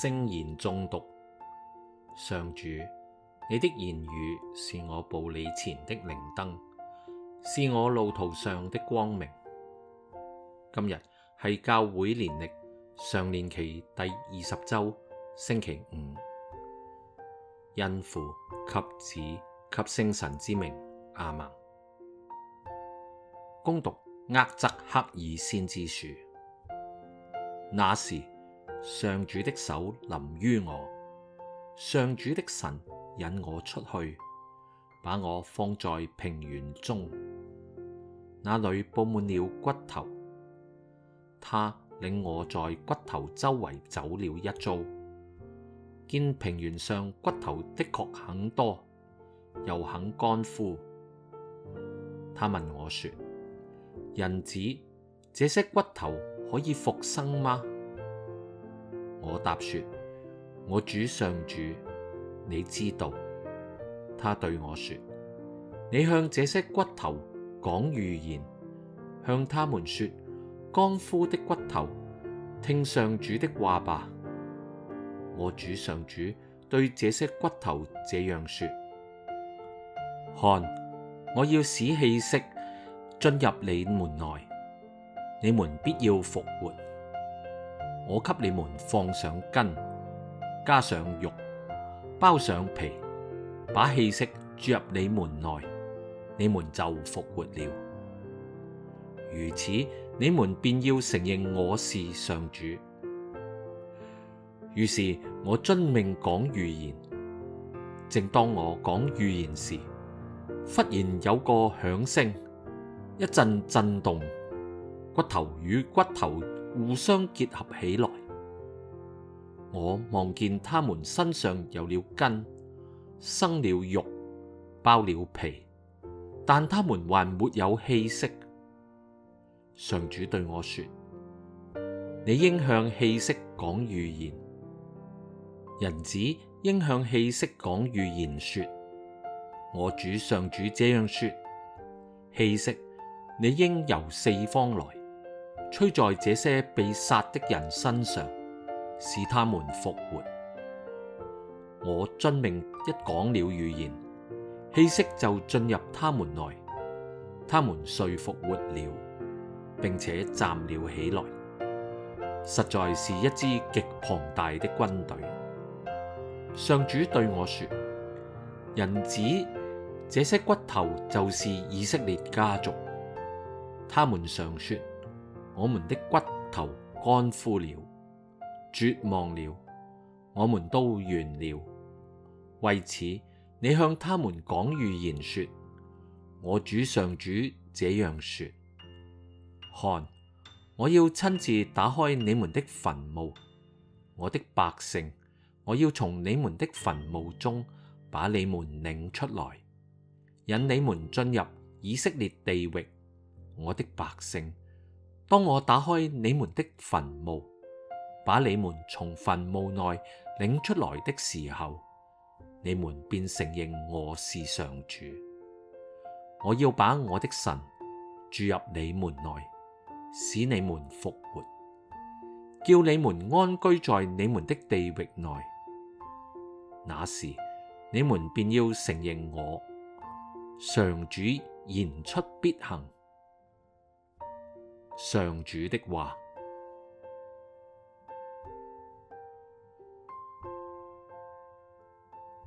聖言誦讀，上主，你的言語是我步履前的靈燈，是我路途上的光明。今日係教會年曆常年期第二十周星期五，因父及子及聖神之名，阿門。恭讀厄則克耳先知書，那時。上主的手臨於我，上主的神引我出去，把我放在平原中，那裏佈滿了骨頭。他領我在骨頭周圍走了一遭，見平原上骨頭的確很多，又很乾枯。他問我說：人子，這些骨頭可以復生嗎？我答說：我主上主，你知道。他對我說：你向這些骨頭講預言，向他們說：乾枯的骨頭，聽上主的話吧。我主上主對這些骨頭這樣說：看，我要使氣息進入你們內，你們必要復活。我給你們放上筋，加上肉，包上皮，把氣息注入你們內，你們就復活了。如此，你們便要承認我是上主。於是，我遵命講預言。正當我講預言時，忽然有個響聲，一陣震動，骨頭與骨頭。互相結合起來，我望見他們身上有了筋，生了肉，包了皮，但他們還沒有氣息。上主對我說：你應向氣息講預言，人子應向氣息講預言說。說我主上主這樣說：氣息，你應由四方來。吹在這些被殺的人身上，使他們復活。我遵命一講了預言，氣息就進入他們內，他們遂復活了，並且站了起來。實在是一支極龐大的軍隊。上主對我說：人子，這些骨頭就是以色列家族，他們常說。我們的骨頭乾枯了，絕望了，我們都完了。為此，你向他們講預言說：我主上主這樣說，看，我要親自打開你們的墳墓，我的百姓，我要從你們的墳墓中把你們領出來，引你們進入以色列地域，我的百姓。當我打開你們的墳墓，把你們從墳墓內領出來的時候，你們便承認我是上主。我要把我的神注入你們內，使你們復活，叫你們安居在你們的地域內。那時，你們便要承認我，上主言出必行。上主的話。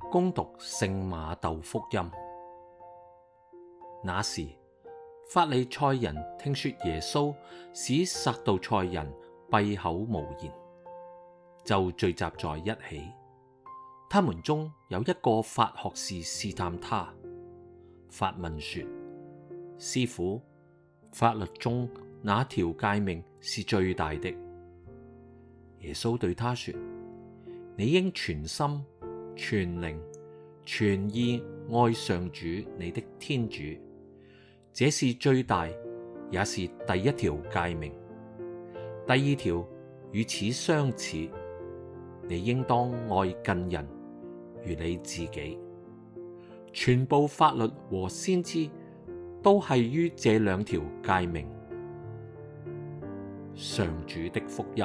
恭讀聖馬竇福音。那時，法利賽人聽說耶穌使撒杜塞人閉口無言，就聚集在一起。他們中有一個法學士試探他，發問說：師傅，法律中那條誡命是最大的。耶穌對他說：你應全心、全靈、全意愛上主你的天主，這是最大也是第一條誡命。第二條與此相似，你應當愛近人如你自己。全部法律和先知都係於這兩條誡命。上主的福音。